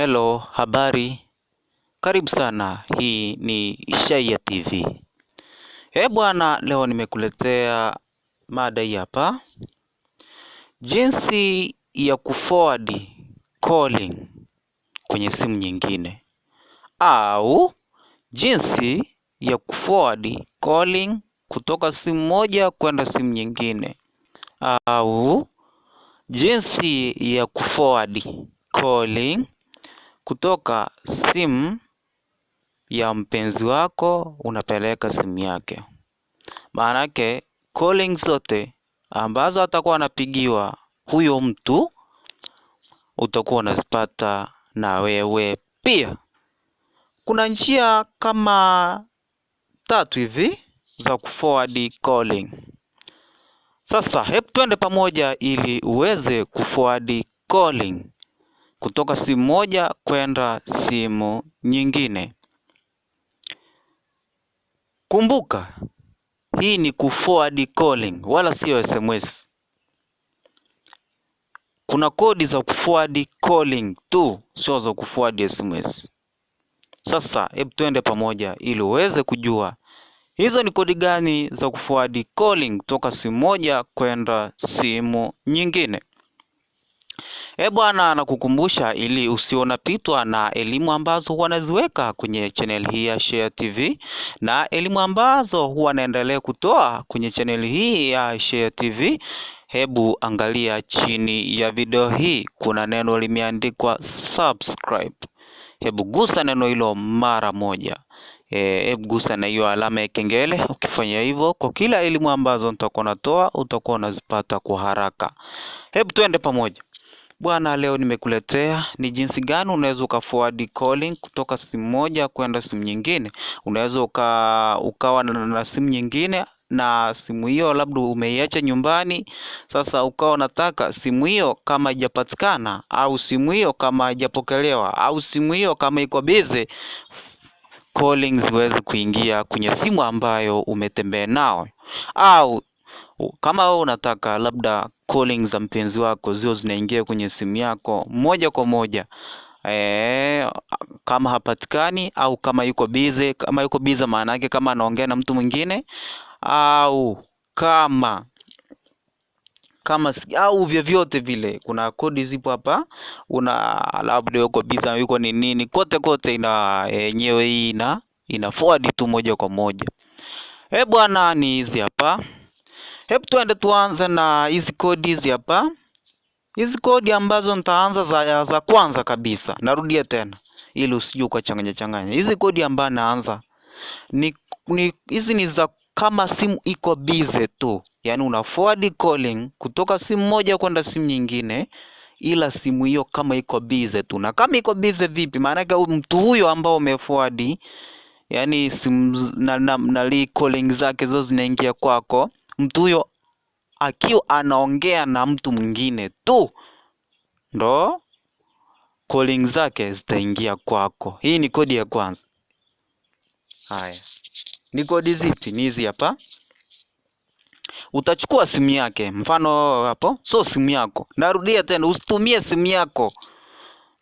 Hello, habari. Karibu sana. Hii ni Shayia TV. Eh, bwana, leo nimekuletea mada hii hapa. Jinsi ya kuforward calling kwenye simu nyingine au jinsi ya kuforward calling kutoka simu moja kwenda simu nyingine au jinsi ya kuforward calling kutoka simu ya mpenzi wako unapeleka simu yake. Maanake calling zote ambazo atakuwa anapigiwa huyo mtu utakuwa unazipata na wewe pia. Kuna njia kama tatu hivi za kuforward calling. Sasa hebu twende pamoja ili uweze kuforward calling kutoka simu moja kwenda simu nyingine. Kumbuka hii ni forward calling wala siyo SMS. Kuna kodi za forward calling tu, sio za forward SMS. Sasa hebu tuende pamoja ili uweze kujua hizo ni kodi gani za forward calling toka simu moja kwenda simu nyingine. E bwana, nakukumbusha ili usio napitwa na elimu ambazo huwa naziweka kwenye channel hii ya Shayia TV na elimu ambazo huwa naendelea kutoa kwenye channel hii ya Shayia TV. Hebu angalia chini ya video hii, kuna neno limeandikwa subscribe. Hebu gusa neno hilo mara moja. E, hebu gusa na hiyo alama ya kengele. Ukifanya hivyo, kwa kila elimu ambazo nitakuwa natoa utakuwa unazipata kwa haraka. Hebu tuende pamoja. Bwana leo nimekuletea ni jinsi gani unaweza uka forward calling kutoka simu moja kwenda simu nyingine. Unaweza uka, ukawa na, na simu nyingine na simu hiyo labda umeiacha nyumbani, sasa ukawa unataka simu hiyo kama haijapatikana au simu hiyo kama haijapokelewa au simu hiyo kama iko busy calling ziweze kuingia kwenye simu ambayo umetembea nao au kama wewe unataka labda calling za mpenzi wako zio zinaingia kwenye simu yako moja kwa moja e, kama hapatikani au kama yuko busy, kama yuko busy maana yake kama anaongea na mtu mwingine au kama kama au vyovyote vile kuna kodi zipo hapa una labda yuko busy yuko ni nini kote kote ina yenyewe hii ina ina forward tu moja kwa moja. Eh bwana, ni hizi hapa. Hebu tuende tuanze na hizi kodi hizi hapa, hizi kodi ambazo nitaanza za, za kwanza kabisa. Narudia tena ili usije ukachanganya changanya. Hizi kodi ambazo naanza ni hizi ni, ni za kama simu iko busy tu, yaani una forward calling kutoka simu moja kwenda simu nyingine ila simu hiyo kama iko bize tu. Na kama iko bize vipi? Maanake mtu huyo ambao umefuadi, yani simu na, na, na li calling zake zo zinaingia kwako, mtu huyo akiwa anaongea na mtu mwingine tu ndo calling zake zitaingia kwako. Hii ni kodi ya kwanza. Haya, ni kodi zipi? Ni hizi hapa. Utachukua simu yake, mfano hapo, so simu yako. Narudia tena, usitumie simu yako.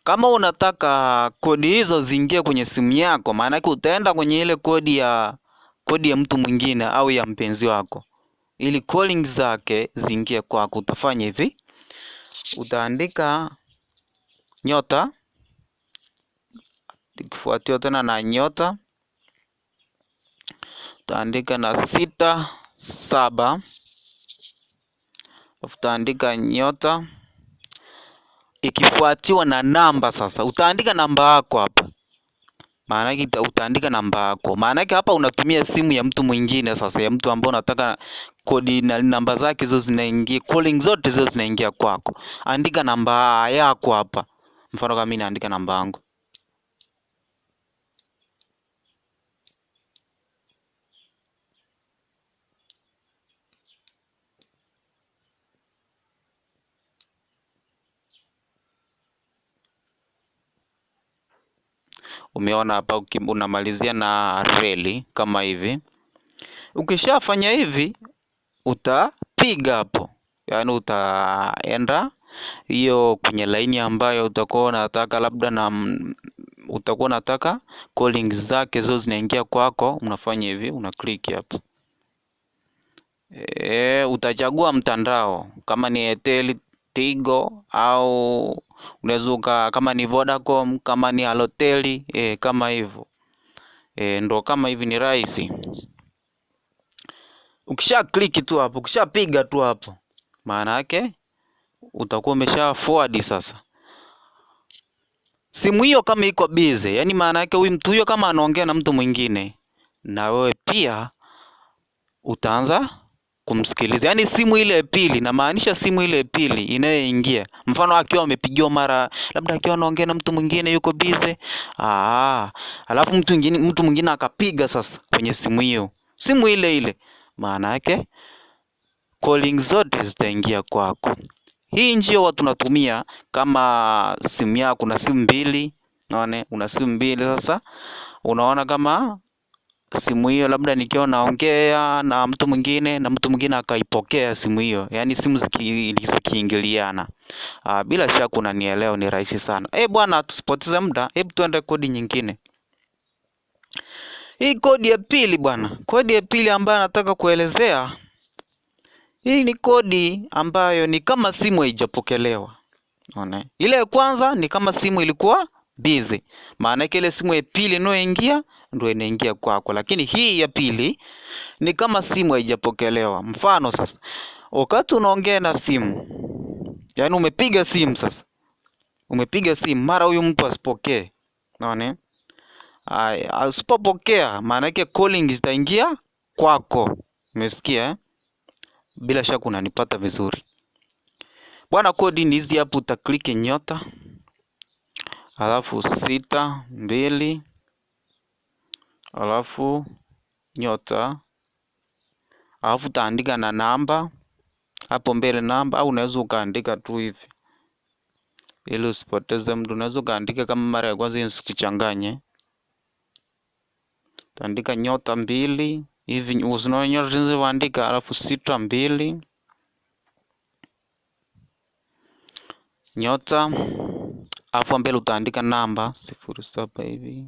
Kama unataka kodi hizo ziingie kwenye simu yako, maanake utaenda kwenye ile kodi ya kodi ya mtu mwingine au ya mpenzi wako ili calling zake zingie kwako, utafanya hivi, utaandika nyota ikifuatiwa tena na nyota, utaandika na sita saba, utaandika nyota ikifuatiwa na namba. Sasa utaandika namba yako hapa maanake utaandika namba yako, maanake hapa unatumia simu ya mtu mwingine, sasa ya mtu ambao unataka kodi na namba zake hizo zinaingia, calling zote hizo zinaingia kwako. Andika namba yako hapa, mfano kama mimi naandika namba yangu. Umeona hapa unamalizia na reli kama hivi. Ukishafanya hivi utapiga hapo, yaani utaenda hiyo kwenye laini ambayo utakuwa unataka labda na utakuwa unataka calling zake zio zinaingia kwako, unafanya hivi una click hapo. E, utachagua mtandao kama ni Airtel, Tigo au Unaweza kama ni Vodacom, kama ni Halotel, e, eh, kama hivyo e, ndo kama hivi ni rahisi. Ukisha click tu hapo, ukishapiga tu hapo, maana yake utakuwa umesha forward sasa simu hiyo kama iko busy, yaani maana yake huyu mtu huyo kama anaongea na mtu mwingine, na wewe pia utaanza kumsikiliza. Yaani simu ile pili, namaanisha simu ile pili inayoingia. Mfano akiwa amepigiwa mara labda akiwa anaongea na mtu mwingine yuko bize. alafu mtu mwingine mtu mwingine akapiga sasa kwenye simu hiyo. Simu ile ile. Maana yake calling zote zitaingia kwako. Hii njia watu natumia kama simu yako una simu mbili, unaona una simu mbili sasa unaona kama simu hiyo labda nikiwa naongea na mtu mwingine na mtu mwingine akaipokea simu hiyo Yaani simu ziki zikiingiliana ah, bila shaka unanielewa ni rahisi sana Eh bwana tusipoteze muda hebu tuende kodi nyingine Hii kodi ya pili bwana kodi ya pili ambayo nataka kuelezea Hii ni kodi ambayo ni kama simu haijapokelewa unaona ile ya kwanza ni kama simu ilikuwa busy maana ile simu ya pili inayoingia ndio inaingia kwako, lakini hii ya pili ni kama simu haijapokelewa. Mfano sasa, wakati unaongea na simu, yaani umepiga simu sasa, umepiga simu, mara huyu mtu asipokee, unaona Haya, asipopokea maana yake calling zitaingia kwako. Umesikia? Eh? Bila shaka unanipata vizuri bwana. Kodi ni hizi hapo, utaklik nyota alafu sita mbili alafu nyota, alafu utaandika na namba hapo mbele namba, au unaweza ukaandika tu hivi ili usipoteze mtu. Unaweza ukaandika kama mara ya kwanza, nisikuchanganye. Utaandika nyota mbili hivi, unaona nyota zilivyoandika, alafu sita mbili nyota, alafu mbele utaandika namba sifuri saba hivi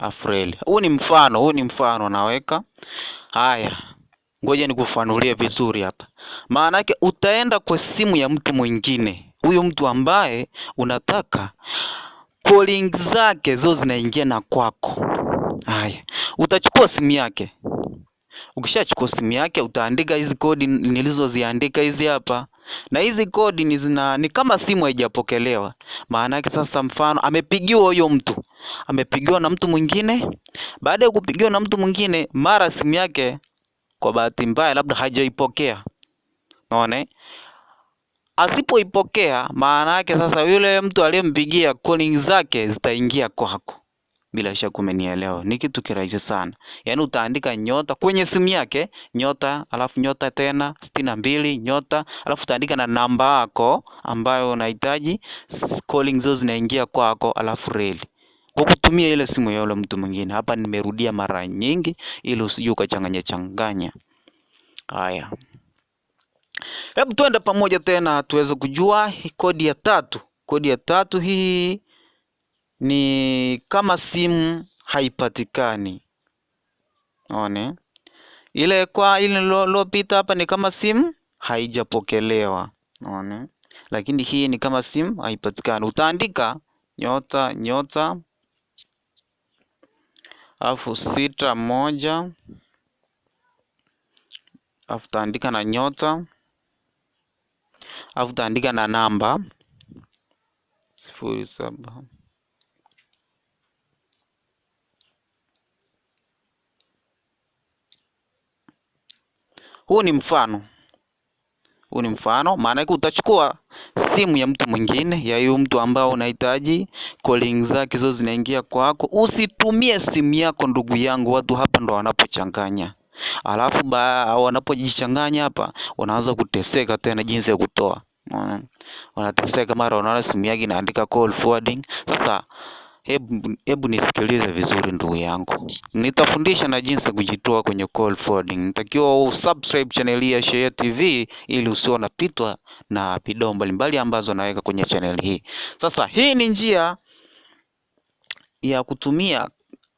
Afreli. Huu ni mfano, huu ni mfano naweka. Haya, ngoja nikufanulie vizuri hapa. Maana yake utaenda kwa simu ya mtu mwingine, huyu mtu ambaye unataka calling zake zio zinaingia na kwako. Haya, utachukua simu yake. Ukishachukua simu yake utaandika hizi kodi nilizoziandika hizi hapa, na hizi kodi ni zina ni kama simu haijapokelewa. Maana yake sasa, mfano amepigiwa huyo mtu amepigiwa na mtu mwingine. Baada ya kupigiwa na mtu mwingine, mara simu yake kwa bahati mbaya labda hajaipokea, naone eh? asipoipokea, maana yake sasa yule mtu aliyempigia calling zake zitaingia kwako. Bila shaka umenielewa, ni kitu kirahisi sana. Yaani utaandika nyota kwenye simu yake nyota, alafu nyota tena sitini na mbili nyota, alafu utaandika na namba yako ambayo unahitaji, calling zao zinaingia kwako, alafu reli kwa kutumia ile simu ya yule mtu mwingine. Hapa nimerudia mara nyingi ili usije ukachanganya changanya. Haya, hebu tuende pamoja tena tuweze kujua kodi ya tatu. Kodi ya tatu hii ni kama simu haipatikani. One ile kwa ile lilopita hapa ni kama simu haijapokelewa. One, lakini hii ni kama simu haipatikani. Utaandika nyota nyota alafu sita moja alafu taandika na nyota alafu taandika na namba sifuri saba huu ni mfano huu ni mfano, maana yake utachukua simu ya mtu mwingine, ya huyu mtu ambao unahitaji calling zake zo zinaingia kwako. Usitumie simu yako ndugu yangu, watu hapa ndo wanapochanganya. Alafu wanapojichanganya hapa, wanaanza kuteseka tena jinsi ya kutoa. Wanateseka, mara unaona simu yake inaandika call forwarding. Sasa Hebu nisikilize vizuri ndugu yangu, nitafundisha na jinsi ya kujitoa kwenye call forwarding. Nitakiwa usubscribe channel hii ya Shayia TV ili usio napitwa na video mbalimbali ambazo naweka kwenye channel hii. Sasa hii ni njia ya kutumia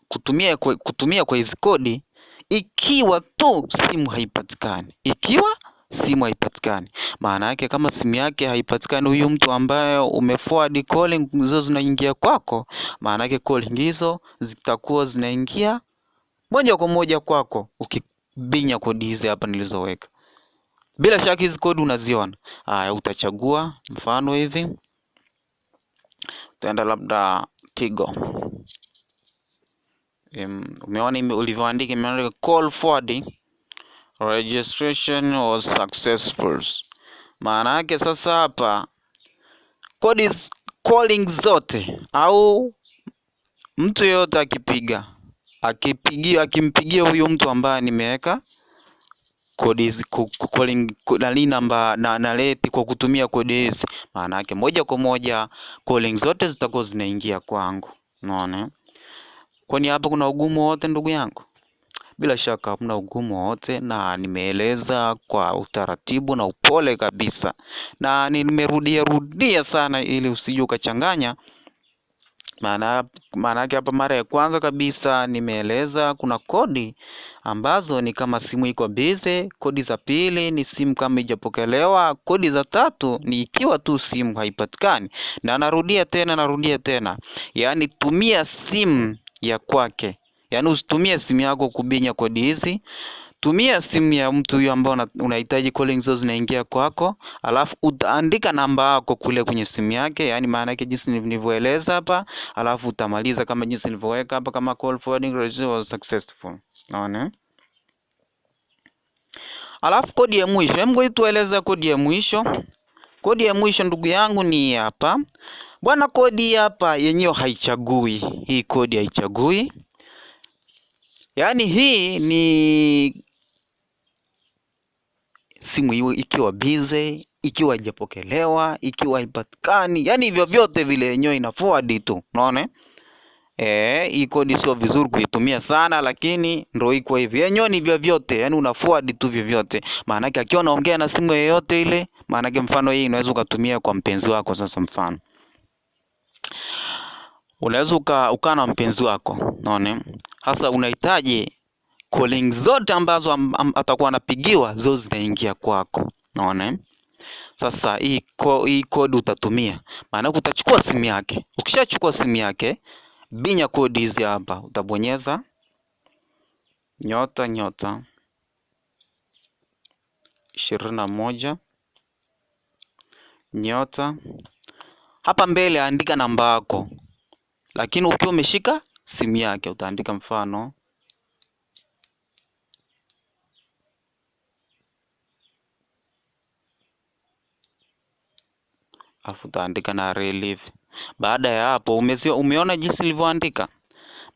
kutumia kwa, kutumia kwa hizi kodi ikiwa tu simu haipatikani, ikiwa simu haipatikani. Maana yake kama simu yake haipatikani huyu mtu ambaye umeforward calling hizo zinaingia kwako, maana yake calling hizo zitakuwa zinaingia moja kwa moja kwako ukibinya kodi hizi hapa nilizoweka. Bila shaka hizi kodi unaziona. Haya, utachagua mfano hivi, utaenda labda Tigo. Um, umeona ulivyoandika, imeandika call forwarding registration was successful. Maana yake sasa hapa calls, calling zote au mtu yeyote akipiga akipigia akimpigia huyu mtu ambaye nimeweka codis calling nali namba na, na leti kwa kutumia codis, maana yake moja kwa moja calling zote zitakuwa zinaingia kwangu. Unaona, kwani hapa kuna ugumu wote ndugu yangu? Bila shaka hamna ugumu wowote na nimeeleza kwa utaratibu na upole kabisa, na nimerudia rudia sana ili usije ukachanganya maana maanake hapa mara ya kwanza kabisa nimeeleza kuna kodi ambazo ni kama simu iko busy. Kodi za pili ni simu kama ijapokelewa. Kodi za tatu ni ikiwa tu simu haipatikani, na narudia tena, narudia tena, yaani tumia simu ya kwake Yaani usitumie simu yako kubinya kodi hizi. Tumia simu ya mtu huyo ambao unahitaji calling hizo zinaingia kwako, alafu utaandika namba yako kule kwenye simu yake, yani maana yake jinsi nilivyoeleza hapa, alafu utamaliza kama jinsi nilivyoweka hapa kama call forwarding register was successful. Unaona? Alafu kodi ya mwisho, hebu tueleza kodi ya mwisho. Kodi ya mwisho ndugu yangu ni hapa. Bwana, kodi hapa yenyewe haichagui. Hii kodi haichagui. Yaani hii ni simu hiyo ikiwa bize, ikiwa haijapokelewa, ikiwa haipatikani, yaani vyovyote vile yenyewe ina forward tu, unaona? Eh, hii kodi sio vizuri kuitumia sana lakini ndio iko hivi. Yenyewe ni vyovyote, yaani una forward tu vyovyote. Maana yake akiwa anaongea na simu yoyote ile, maana yake mfano hii inaweza ukatumia kwa mpenzi wako sasa mfano unaweza ukaa na mpenzi wako naone hasa unahitaji calling zote ambazo am, am, atakuwa anapigiwa zote zinaingia kwako naone sasa hii hii kodi utatumia maana utachukua simu yake ukishachukua simu yake binya kodi hizi hapa utabonyeza nyota nyota ishirini na moja nyota hapa mbele andika namba yako lakini ukiwa umeshika simu yake utaandika mfano alafu utaandika na relief. Baada ya hapo umezio, umeona jinsi ilivyoandika,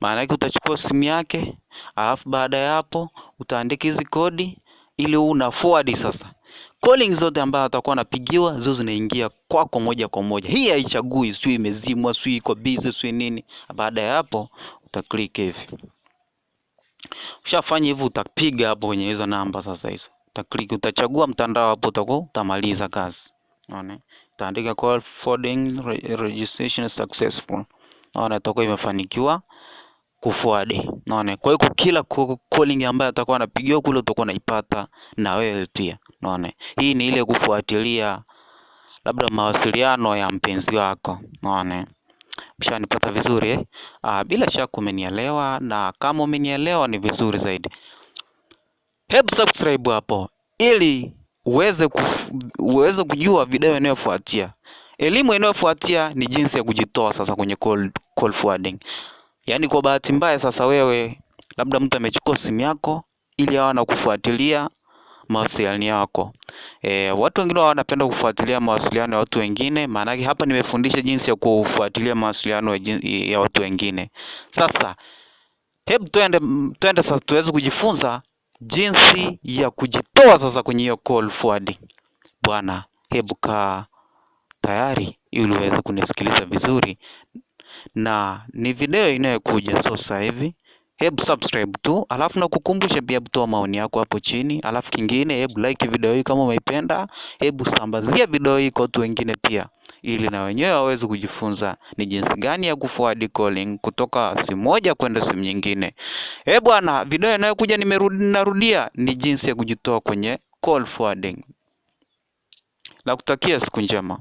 maana yake utachukua simu yake, alafu baada ya hapo utaandika hizi kodi ili huu una forward sasa calling zote ambazo atakuwa anapigiwa zio zinaingia kwako moja kwa moja. Hii haichagui sio imezimwa, sio iko busy, sio nini. Baada ya hapo utaklik hivi. Ushafanya hivyo utapiga hapo kwenye hizo namba sasa hizo. Utaklik utachagua mtandao hapo utakuwa utamaliza kazi. Unaona? Utaandika call forwarding registration successful. unaona itakuwa imefanikiwa kufuadi naone. Kwa hiyo kila calling ambayo atakuwa anapigiwa kule utakuwa unaipata na wewe pia naone. Hii ni ile kufuatilia labda mawasiliano ya mpenzi wako naone. Mshanipata vizuri eh? Aa, ah, bila shaka umenielewa na kama umenielewa ni vizuri zaidi. Hebu subscribe hapo ili uweze uweze kujua video inayofuatia. Elimu inayofuatia ni jinsi ya kujitoa sasa kwenye call, call forwarding. Yaani kwa bahati mbaya sasa wewe labda mtu amechukua simu yako ili awe anakufuatilia mawasiliano yako. E, watu wengine wanapenda kufuatilia mawasiliano ya watu wengine, maanake hapa nimefundisha jinsi ya kufuatilia mawasiliano ya watu wengine. Sasa hebu twende twende sasa tuweze kujifunza jinsi ya kujitoa sasa kwenye hiyo call forwarding. Bwana, hebu kaa tayari ili uweze kunisikiliza vizuri na ni video inayokuja so sasa hivi hebu subscribe tu, alafu na kukumbusha pia toa maoni yako hapo chini, alafu kingine, hebu like video hii kama umeipenda, hebu sambazia video hii kwa watu wengine pia, ili na wenyewe waweze kujifunza ni jinsi gani ya kuforward calling kutoka simu moja kwenda simu nyingine. Eh bwana, video inayokuja narudia ni jinsi ya kujitoa kwenye call forwarding. kutakia siku njema.